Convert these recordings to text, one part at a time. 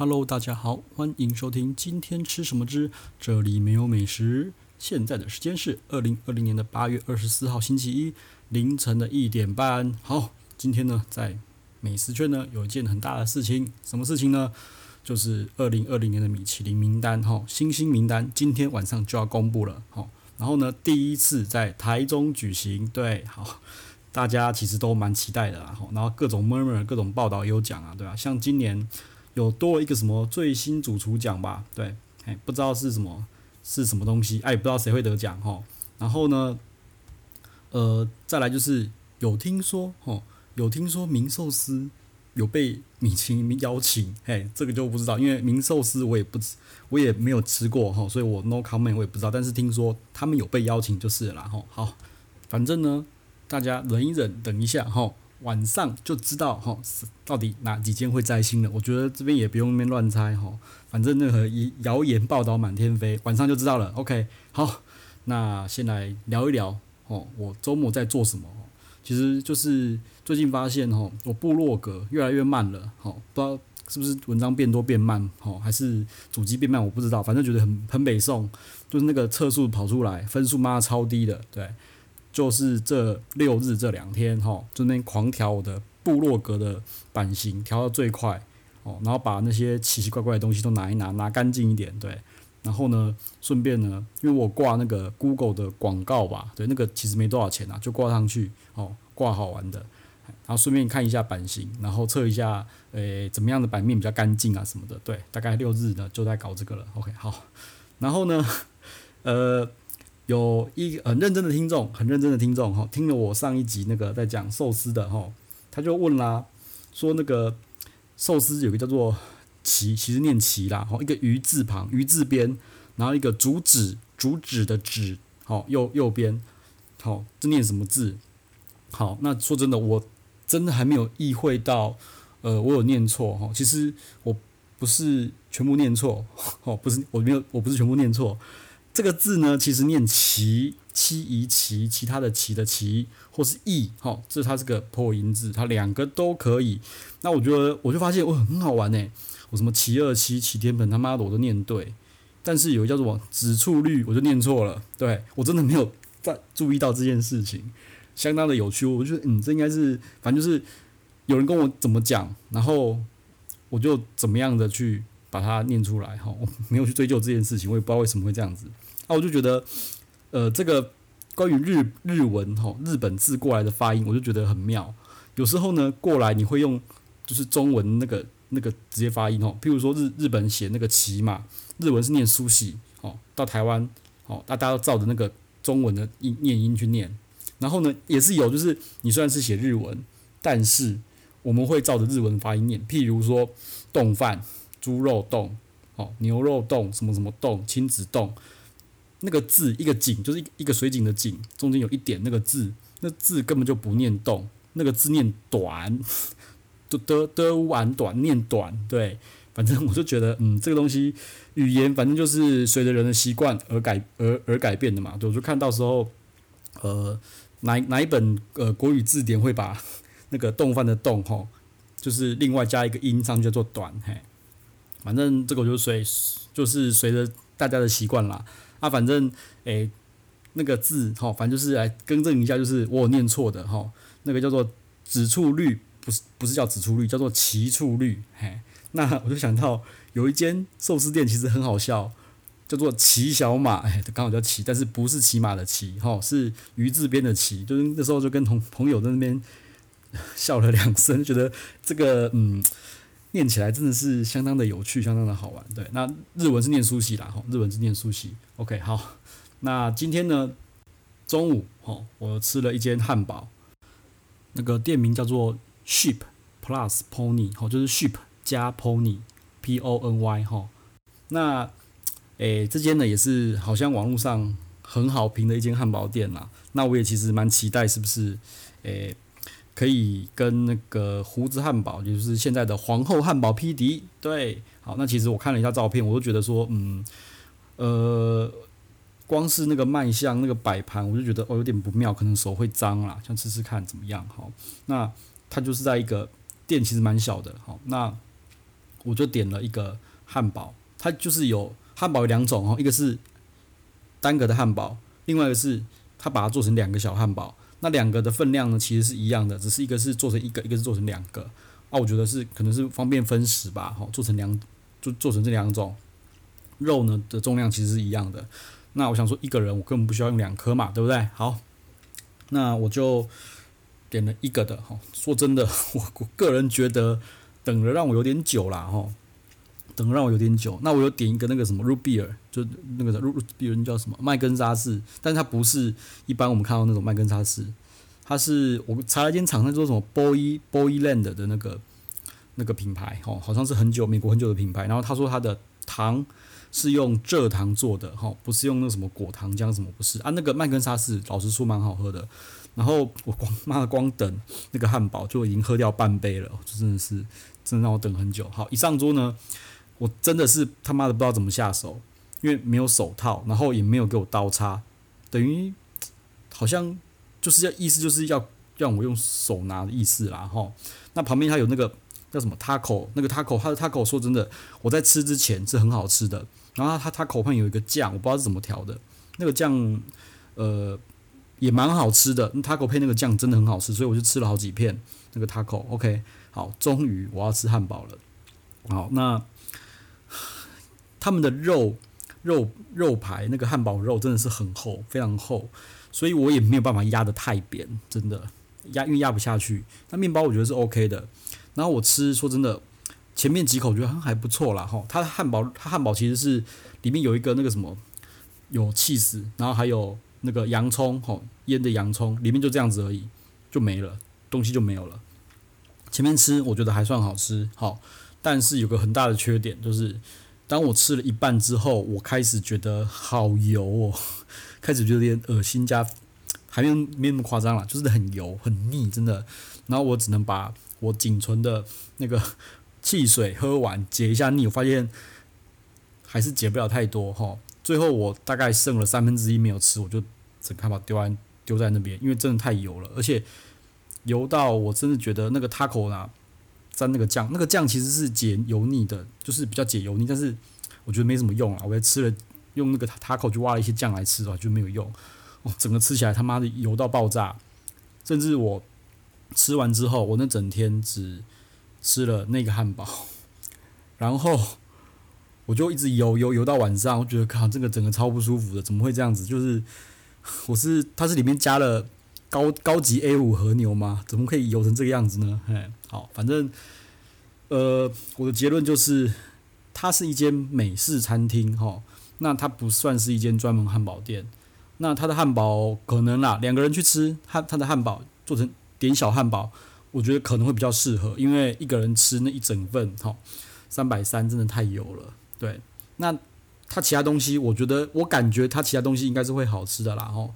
Hello，大家好，歡迎收聽今天吃什麼之，這裡沒有美食。現在的時間是二零二零年的八月二十四號星期一，凌晨的一點半。好，今天呢，在美食圈呢有一件很大的事情，什麼事情呢？就是二零二零年的米其林名單哈、哦，星星名單今天晚上就要公布了哈、哦。然後呢，第一次在台中舉行，對，好，大家其實都蠻期待的好、哦，然後各種 murmur，各種報道也有講啊，對吧、啊？像今年。有多了一個什麼最新主廚獎吧？對，不知道是什麼是什麼東西，哎、啊，也不知道誰會得獎哈、哦。然後呢，呃，再來就是有聽說，哦，有聽說名壽司有被米其林邀請，嘿，這個就不知道，因為名壽司我也不知，我也沒有吃過哈、哦，所以我 no comment，我也不知道。但是聽說他們有被邀請就是了，然後、哦、好，反正呢，大家忍一忍，等一下哈。哦晚上就知道哈，到底哪幾間會摘星了？我覺得這邊也不用那邊亂猜哈，反正那個謠言報道滿天飛，晚上就知道了。OK，好，那先來聊一聊哦，我周末在做什麼？其實就是最近發現哈，我部落格越來越慢了，好，不知道是不是文章變多變慢，好，還是主機變慢，我不知道，反正覺得很很北宋，就是那個測速跑出來分數媽超低的，對。就是這六日這兩天哈，就那狂調我的部落格的版型，調到最快哦、喔，然後把那些奇奇怪怪的東西都拿一拿，拿乾淨一點，對。然後呢，順便呢，因為我掛那個 Google 的廣告吧，對，那個其實沒多少錢啊，就掛上去哦，掛好玩的。然後順便看一下版型，然後測一下，誒、欸，怎麼樣的版面比較乾淨啊什麼的，對。大概六日呢就在搞這個了，OK，好。然後呢，呃。有一個很認真的聽眾，很認真的聽眾哈，聽了我上一集那個在講壽司的哈，他就問啦、啊，說那個壽司有個叫做“鮨，其實念“鮨啦，一個魚字旁，魚字邊，然後一個主旨，主旨的旨。好，右右邊，好、喔、這念什麼字？好，那說真的，我真的還沒有意會到，呃，我有念錯哈，其實我不是全部念錯，哦、喔，不是，我沒有，我不是全部念錯。這個字呢，其實念“奇七一奇”其他的“奇”的“奇”或是“異”哈，這它是它這個破音字，它兩個都可以。那我覺得，我就發現，我、哦、很好玩呢。我什麼“奇二七”“奇天本”，他媽的我都念對，但是有個叫做什麼“指觸率”，我就念錯了。對，我真的沒有在注意到這件事情，相當的有趣。我覺得，嗯，這應該是，反正就是有人跟我怎麼講，然後我就怎麼樣的去。把它念出來哈，我沒有去追究這件事情，我也不知道為什麼會這樣子。啊，我就覺得，呃，這個關於日日文哈，日本字過來的發音，我就覺得很妙。有時候呢，過來你會用就是中文那個那個直接發音哦，譬如說日日本寫那個鮨嘛，日文是念 Sushi 哦，到台灣哦，大家都照着那個中文的音念音去念。然後呢，也是有就是你雖然是寫日文，但是我們會照着日文發音念，譬如說丼飯。豬肉丼哦，牛肉丼，什麼什麼丼，親子丼，那個字一個井，就是一個水井的井，中間有一點那個字，那字根本就不念動，那個字念短，d d d u an 短，念短，對，反正我就覺得，嗯，這個東西語言，反正就是隨着人的習慣而改而而改變的嘛，對，我就看到時候，呃，哪哪一本呃國語字典會把那個丼飯的丼，吼、哦，就是另外加一個音上去叫做短，嘿。反正這個就是隨，就是隨着大家的習慣啦。啊，反正誒、欸，那個字哈、哦，反正就是來更正一下，就是我有念錯的哈、哦。那個叫做“子處率”，不是不是叫“子處率”，叫做“騎處率”。嘿，那我就想到有一間壽司店，其實很好笑，叫做“鮨小馬”。哎，剛好叫“騎”，但是不是“騎馬”的“騎”哈，是“魚”字邊的“騎”。就是那時候就跟同朋友在那邊笑了兩聲，覺得這個嗯。念起來真的是相當的有趣，相當的好玩。對，那日文是念 sushi 啦，吼，日文是念 sushi。OK，好，那今天呢，中午吼，我吃了一間漢堡，那個店名叫做 Sheep Plus Pony，吼，就是 Sheep 加 Pony，P O N Y 哈。那，誒，這間呢也是好像網絡上很好評的一間漢堡店啦。那我也其實蠻期待，是不是？誒。可以跟那個鬍子漢堡，也就是現在的皇后漢堡匹敵。對，好，那其實我看了一下照片，我就覺得說，嗯，呃，光是那個賣相、那個擺盤，我就覺得哦有點不妙，可能手會髒啦，想吃吃看怎麼樣？好，那它就是在一個店，其實蠻小的，好，那我就點了一個漢堡，它就是有漢堡有兩種哦，一個是單個的漢堡，另外一個是它把它做成兩個小漢堡。那兩個的分量呢，其實是一樣的，只是一個是做成一個，一個是做成兩個。啊，我覺得是可能是方便分食吧，哈，做成兩，就做成這兩種肉呢的重量其實是一樣的。那我想說，一個人我根本不需要用兩顆嘛，對不對？好，那我就點了一個的，哈。說真的，我我個人覺得等了讓我有點久了，哈。等了讓我有點久，那我有點一個那個什麼 Root Beer，就那個的 Root Root Beer 叫什麼麥根沙士，但它不是一般我們看到那種麥根沙士，它是我查了間廠商說什麼 Boy Boyland 的那個那個品牌，吼，好像是很久美國很久的品牌，然後他說他的糖是用蔗糖做的，吼，不是用那什麼果糖漿什麼不是，啊，那個麥根沙士老實說蠻好喝的，然後我光媽的光等那個漢堡就已經喝掉半杯了，就真的是真的讓我等很久，好，一上桌呢，我真的是他媽的不知道怎麼下手，因為沒有手套，然後也沒有給我刀叉，等於好像就是要意思就是要讓我用手拿的意思啦齁。那旁邊他有那個叫什麼 taco，那個 taco，他的 taco 說真的，我在吃之前是很好吃的。然後他 taco 旁有一個醬，我不知道是怎麼調的，那個醬呃也蠻好吃的，那 taco 配那個醬真的很好吃，所以我就吃了好幾片那個 taco。OK，好，終於我要吃漢堡了。好，那。他們的肉肉肉排那個漢堡肉真的是很厚，非常厚，所以我也沒有辦法壓得太扁，真的壓，因為壓不下去。那麵包我覺得是 OK 的，然後我吃說真的，前面幾口我覺得還不錯啦。吼，它的漢堡，它漢堡其實是裡面有一個那個什麼，有起司，然後還有那個洋蔥，吼，醃的洋蔥，裡面就這樣子而已，就沒了，東西就沒有了。前面吃我覺得還算好吃，好，但是有個很大的缺點就是。當我吃了一半之後，我開始覺得好油哦，開始覺得有點惡心加，還沒沒那麼誇張啦，就是很油很膩，真的。然後我只能把我僅存的那個汽水喝完解一下膩，我發現還是解不了太多哈、哦。最後我大概剩了三分之一沒有吃，我就整個把丟完丟在那邊，因為真的太油了，而且油到我真的覺得那個 taco 呢。蘸那個醬，那個醬其實是解油膩的，就是比較解油膩。但是我覺得沒什麼用啊，我還吃了，用那個塔塔口就挖了一些醬來吃的話就沒有用。哦，整個吃起來他媽的油到爆炸，甚至我吃完之後，我那整天只吃了那個漢堡，然後我就一直油油油到晚上，我覺得靠，這個整個超不舒服的，怎麼會這樣子？就是我是它是裡面加了，高高級 A 五和牛嗎？怎麼可以油成這個樣子呢？嘿，好，反正，呃，我的結論就是，它是一間美式餐廳哈，那它不算是一間專門漢堡店，那它的漢堡可能啦，兩個人去吃，它它的漢堡做成點小漢堡，我覺得可能會比較適合，因為一個人吃那一整份哈，三百三真的太油了，對，那它其他東西，我覺得我感覺它其他東西應該是會好吃的啦，哈。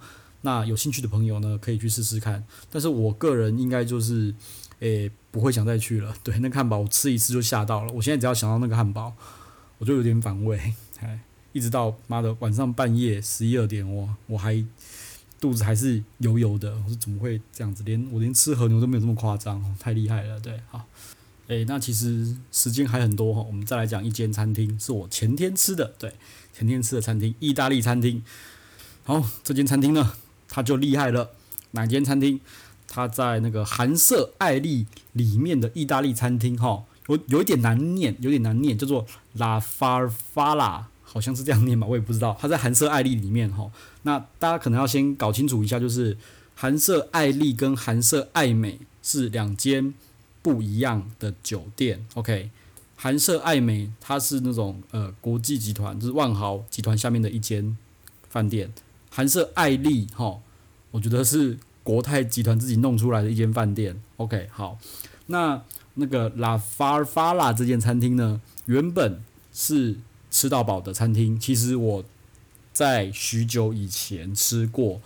那有興趣的朋友呢，可以去試試看。但是我個人應該就是，欸，不會想再去了。對，那漢堡我吃一次就嚇到了。我現在只要想到那個漢堡，我就有點反胃。哎，一直到媽的晚上半夜十一二點，我我還肚子還是油油的。我說怎麼會這樣子？連我連吃和牛都沒有這麼誇張，太厲害了。對，好，欸。那其實時間還很多哈，我們再來講一間餐廳，是我前天吃的。對，前天吃的餐廳，意大利餐廳。好，這間餐廳呢？他就厲害了，哪間餐廳？他在那個寒舍艾麗裡面的意大利餐廳，哈，有有一點難念，有點難念，叫做 La Farfalla，好像是這樣念吧，我也不知道。他在寒舍艾麗裡面，哈，那大家可能要先搞清楚一下，就是寒舍艾麗跟寒舍艾美是兩間不一樣的酒店。OK，寒舍艾美它是那種呃國際集團，就是萬豪集團下面的一間飯店。寒舍艾麗哈，我覺得是國泰集團自己弄出來的一間飯店。OK，好，那那個 La Farfalla 這間餐廳呢，原本是吃到飽的餐廳。其實我在許久以前吃過，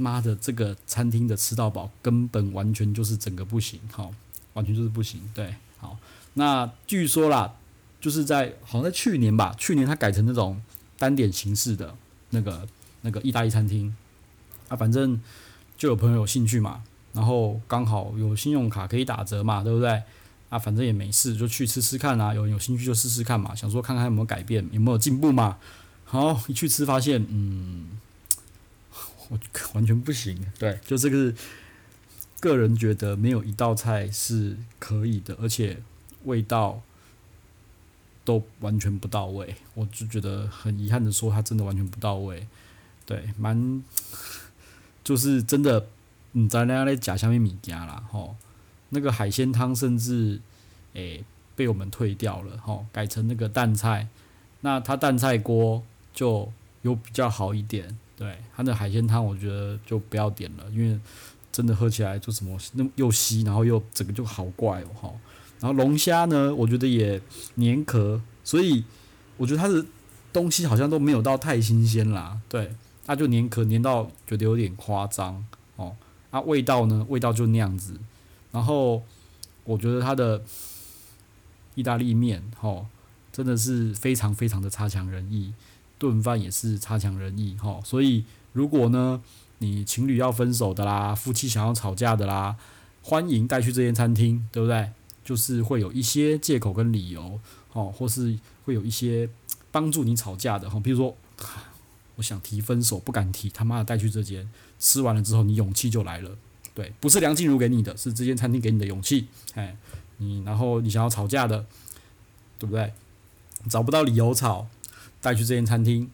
媽的，這個餐廳的吃到飽根本完全就是整個不行，好，完全就是不行。對，好，那據說啦，就是在好像在去年吧，去年它改成那種單點形式的那個，那個意大利餐廳啊，反正就有朋友有興趣嘛，然後剛好有信用卡可以打折嘛，對不對？啊，反正也沒事，就去吃吃看啊。有有興趣就試試看嘛，想說看看有沒有改變，有沒有進步嘛。好，一去吃發現，嗯，我完全不行。對，就這個，個人覺得沒有一道菜是可以的，而且味道都完全不到位。我就覺得很遺憾的說，它真的完全不到位。對，蠻，就是真的，你在那咧加什米物啦？吼，那個海鮮湯甚至誒、欸、被我們退掉了，吼，改成那個淡菜，那它淡菜鍋就有比較好一點。對，它的海鮮湯我覺得就不要點了，因為真的喝起來就什麼那又稀，然後又整個就好怪哦，吼。然後龍蝦呢，我覺得也黏殼，所以我覺得它的東西好像都沒有到太新鮮啦，對。他、啊、就黏，可黏到覺得有點誇張哦，那、啊、味道呢，味道就那樣子，然後我覺得它的意大利麵哦，真的是非常非常的差強人意，燉飯也是差強人意哦。所以如果呢，你情侶要分手的啦，夫妻想要吵架的啦，歡迎帶去這間餐廳，對不對？就是會有一些借口跟理由哦，或是會有一些幫助你吵架的哈，哦，比如說。我想提分手，不敢提，他媽的帶去這間，吃完了之後你勇氣就來了，對，不是梁靜茹給你的，是這間餐廳給你的勇氣，哎，你然後你想要吵架的，對不對？找不到理由吵，帶去這間餐廳，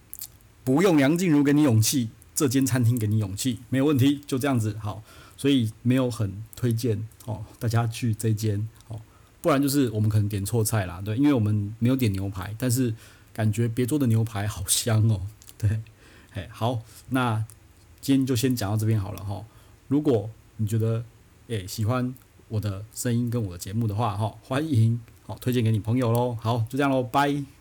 不用梁靜茹給你勇氣，這間餐廳給你勇氣，沒有問題，就這樣子，好，所以沒有很推薦哦，大家去這間，哦，不然就是我們可能點錯菜啦，對，因為我們沒有點牛排，但是感覺別桌的牛排好香哦，對。嘿，好，那今天就先講到這邊好了哈。如果你覺得誒喜歡我的聲音跟我的節目的話哈，歡迎好推薦給你朋友嘍。好，就這樣嘍，拜。